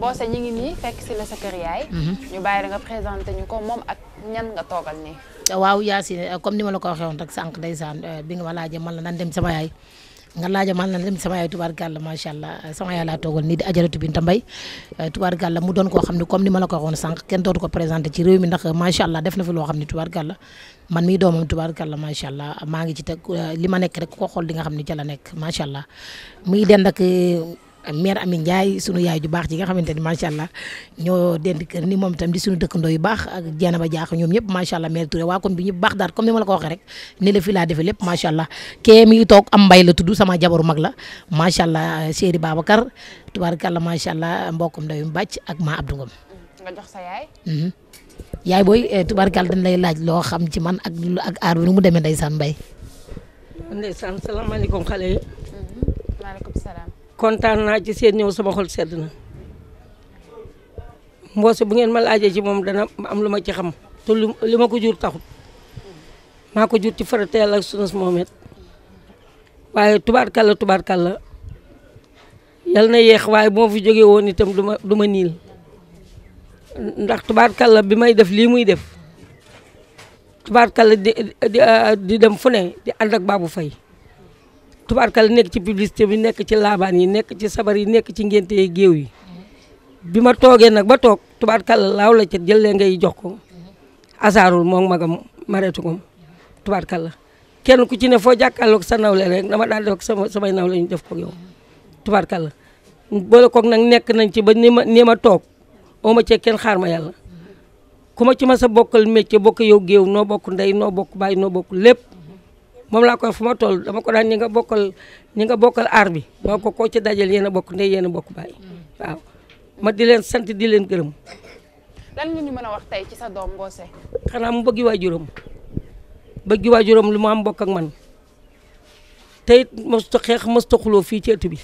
Bosse ñi ngi ni fekk ci la sa kër yaay. Mhm. ñu bayé nga présenté ñu ko mom ak ñan nga togal ni waaw yasine comme ni ma la ko waxé won rek sank ndaysane bi nga wala jé man la nan dem sama yaay. nga laaja man na dem sama yaay tubaar la macha allah sama yaay laa toogal nii di ajaratu Binta Mbaye euh, tubaar gàll mu doon koo xam comme ni ma la ko waxoon sànq kenn dootu ko présenté ci réew mi ndax macha allah def na fi loo man mii doomam tubaar gàll macha allah maa ngi ci euh, nekk rek ko xool di nga xam ne ca nekk macha allah muy dend mère Amine Ndiaye sunu yaay ju baax ji nga xamante ni allah ñoo dend kër ni moom itam sunu dëkkandoo yu baax ak jeena ba jaax ñoom ñëpp macha allah mère Touré waa kon bi ñëpp baax daal comme ni ma la ko waxee rek ni la fi laa defee la tudd sama jabaru mag la macha allah chéri Babacar tubaarkàlla macha allah mbokkum ndeyum bàcc ak maa Abdou Ngom. nga jox sa yaay. Mhm. yaay booy eh, tubaarkàlla dañ lay laaj loo xam ci man ak ak aar bi nu mu demee ndeysaan mbay. ndeysaan salaamaaleykum xale yi. Mhm. kontaan naa ci seet ñëw sama xol sedd na mboose bu ngeen ma laajee ci moom dana am lu ma ci xam te li ma ko jur taxut maa ko jur ci farata Yàlla ak waaye Muhammad waaye tubaarkàlla kalla yal na yéex waaye bu ma fi jógee woon itam du ma du ma niil ndax tubaarkàlla bi may def lii muy def tubaarkàlla di di dem fu di ànd ak Babou tubaarkal nekk ci publicité bi nekk ci laabaan yi nekk ci sabar yi nekk ci ngénte yi géew bi ma toogee nag ba toog tubaarkal laaw la ca jëlee ngay jox ko asaarul moom magam mareetu ko tubaarkal la kenn ku ci ne foo jàkkaarloog sa nawle rek dama daan def sama samay nawle ñu def ko yow tubaarkal la boole koog nag nekk nañ ci ba ni ma ni ma toog oo ma cee kenn xaar ma yàlla ku ma ci ma sa bokkal métier bokk yow géew noo bokku ndey noo bokk baay noo bokk lépp mom la koy fuma ma toll dama ko dañ ñi nga bokal ñi nga bokkal bi boko ko ci dajal yena bok ndey yéen a waaw ma di len sante di len gërëm lan nga ñu mëna wax tay ci sa dom Mbose xana mu bëgg wajurum bëgg wajurum lu mu am bok ak man tay it xex xeex mësuta fi ci ëtt bi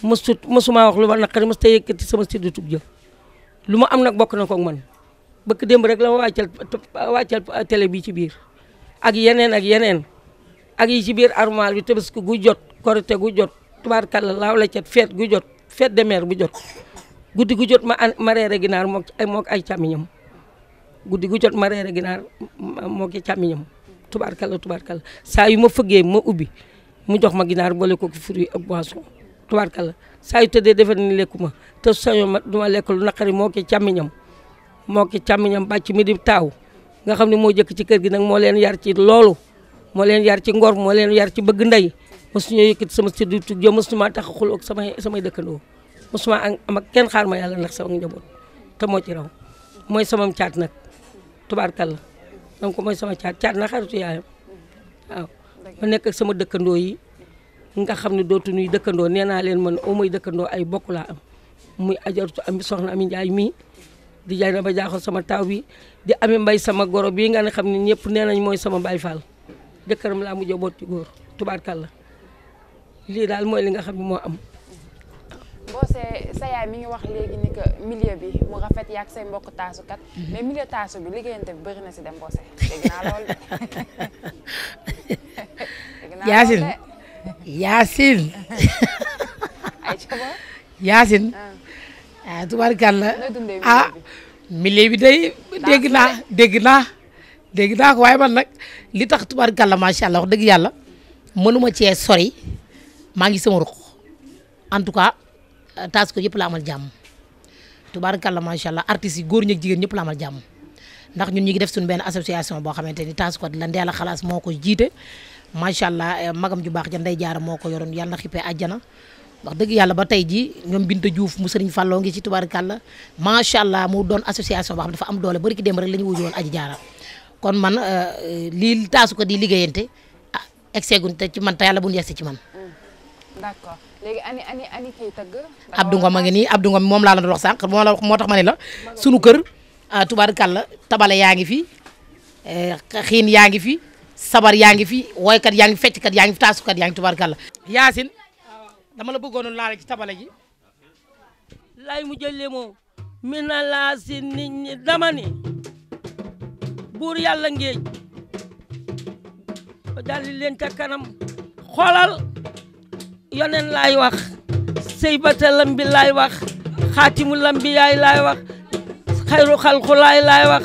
Mustu, musuma wax lu ma naqari mësuta yëkkati sama ci du jëf lu am nak bok na ak man bëkk demb rek la ma wàccal télé bi ci biir ak yeneen ak yeneen ak yi ci biir armoire bi tabaski gu jot korite gu jot tubaarkàlla laaw la cet feet gu jot feet de mer bu jot guddi gu jot ma ma reere ginaar mook ay mook ay càmmiñam guddi gu jot ma reere ginaar mook i càmmiñam tubaarkàlla tubaarkàlla saa yu ma fëggee ma ubbi mu jox ma ginaar boole ko ki fruit ak boisson tubaarkàlla ni lekku ma te sañoo ma duma ma lekk lu naqari moo ki càmmiñam moo ki càmmiñam bàcc mi di taaw nga xam ne mooy jëkk ci kër gi nag moo leen yar ci loolu moo leen yar ci ngor moo leen yar ci bëgg ndey mosuñoo yëkkati sama siddu tug jo mosuma tax a xul ak samay samay dëkkandoo mosuma am ak kenn xaar ma yàlla ndax sama njaboot te moo ci raw mooy samam caat nag tubaarkal la donc mooy sama caat caat na xaritu yaayam ma nekk sama dëkkandoo yi nga xam ne dootu nuy dëkkandoo nee naa leen man au mooy dëkkandoo ay bokk am muy ajartu am soxna ami njaay mii di jaay na ba jaaxal sama taw bi di amé mbay sama goro bi nga xam ne ñëpp nee nañ mooy sama Baay Faal jëkkëram laa mujj boot ci góor la li dal moy li nga xamni mo moo am. Bossé sa yaay mi ngi wax légui ni que milieu bi mu rafet yaag say mbokk kat mhm. mais milieu taasu bi liggéeyante bi bëri na ci dem bo sé naa lool de. Yaasin Yaasin. ay ca yasin ah. ah tubaarkàlla ah milieu bi day dégg naa dégg naa dégg naa ko waaye man nag li tax tubaarkàlla macha allah wax dëgg yàlla mënuma cee sori maa ngi sama ruq en tout cas taas ko yëpp la amal jàmm tubaarkàlla macha allah artistes yi góor ñi ak jigéen ñëpp la jàmm ndax ñun ñu ngi def suñu benn association boo xamante ni taas ko la ndeel a xalaas moo ko jiite macha allah eh, magam ju baax ja ndey jaara moo ko yoroon yàlla na xippee àjjana wax dëgg yàlla ba tey ji ñoom Binta Diouf mu Serigne Falloo ngi ci la macha allah mu doon association boo xam dafa am doole bari ki dem rek la ñu wuju woon aji jaara kon man euh, lii taasu ko di liggéeyante ah egseeguñ te ci man bu ñu yegsi ci man. Mm. d'accord léegi ani ani ani kii a ngi nii Abdou Ngom moom laa la doon wax sànq moo la moo tax ma ne la sunu kër ah, tubaarkàlla tabale yaa ngi fi eh, xiin yaa ngi fi sabar yaa ngi fi woykat yaa ngi fecckat yaa ngi fi taasukat yaa ngi tubaarkàlla yaasin damala la bëggoon laale ci tabale ji lay mu jëlee moo mi na laa si nit buur yàlla ngéej dalli leen ca kanam yonen laay wax sëy lambi laay wax xaatimu lambi yaay laay wax xayru xalqu laay laay wax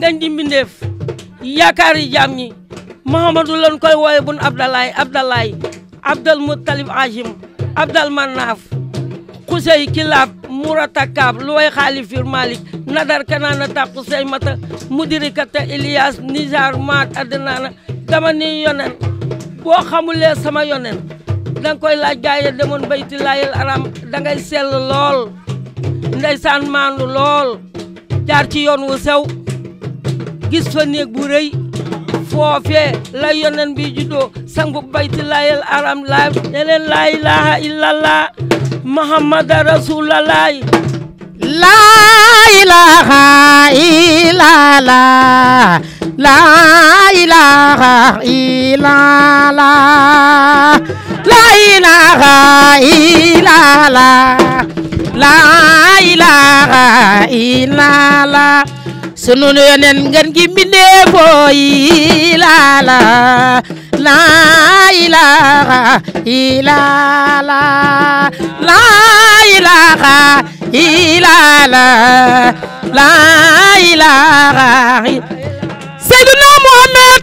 ngañ di yaakaari jaam ñi Mouhamadou lañ koy wooye bun Abdalaay Abdalaay Abdal Muttalib Hachim Abdal Manaaf Xusey Kilaab Muratakaab luway xaalifir Malik nadar kanaana tàqu sey mata mudirikata Ilias Nijar maat addinaana dama ni yonen boo xamulee sama yonen danga koy laaj gaay ya demoon bayti laayel dangay sell lool ndeysaan maandu lool jaar ci yoon wu sew gis fa néeg bu rëy foofee la yonen bi sangu bayti aram laay ne laa ilaha illallah muhammada rasulallah laa ilaha laa ilaha sunu yonen ngan gi mbindeefo yi la la la ilaha illa la la ilaha illa la la ilaha Seydina Muhammad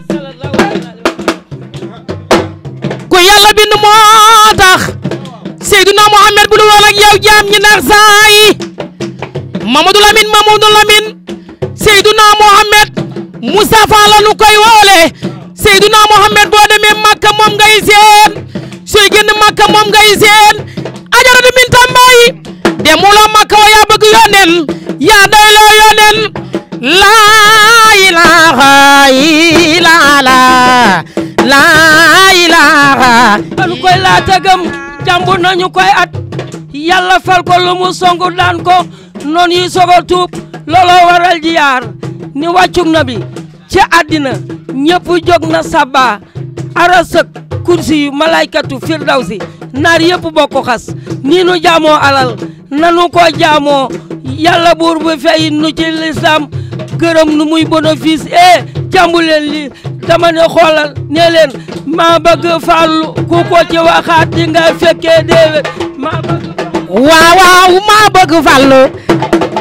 ku yàlla bind moo tax Seydina Muhammad bu dul woon ak yow jaam ñi nax saa yi Mamadou Lamine Mamadou Lamine Seydina Mohamed Moustapha la nu koy woole Seydina Mohamed boo demee Makka moom ngay seen sooy génn Makka moom ngay seen ajaratu Minta Mbaay demuloo Makka wa yaa bëgg yoneen yaa doyloo yoneen laa ilaaha illallaah laa ilaaha nu koy laata gëm jàmbu nañu koy at yàlla fal ko lu mu songu daan ko noon yi a tuub looloo waral jiyaar ni wàccug na bi ci àddina ñëpp jóg na saba arasak kursi yu malaykatu firdawsi naar yëpp bokk xas nii alal nanu ko jaamoo yàlla buur bu fay nu gërëm nu muy bénéfice eh li dama ne xoolal maa bëgg fàllu ku ko ci waxaat di nga fekkee déewé maa waaw maa bëgg fàllu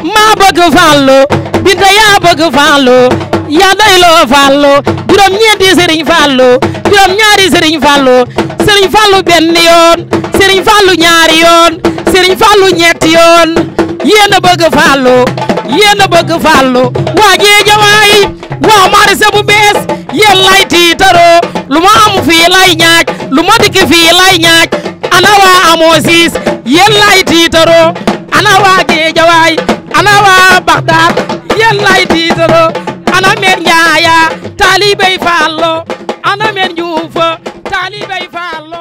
maa bëgg fàllu Binta yaa bëgg Fallou yaa doyloo Fallou juróom-ñeenti Serigne Fallou juróom-ñaari Serigne Fallou Serigne Fallou benn yoon Serigne Fallou ñaari yoon Serigne Fallou a bëgg Fallou yéen a bëgg Fallou waa Géejawaay waa marché bu bees yéen lay tiitaroo lu ma am fii lay ñaaj lu ma dikk fii lay ñaaj ana waa amoo siis lay tiitaroo ana waa Géejawaay ana waa Baxdaad yéen lay tiitaloo ana meer njaaya taalibey faallo ana meer njuufa taalibey faallo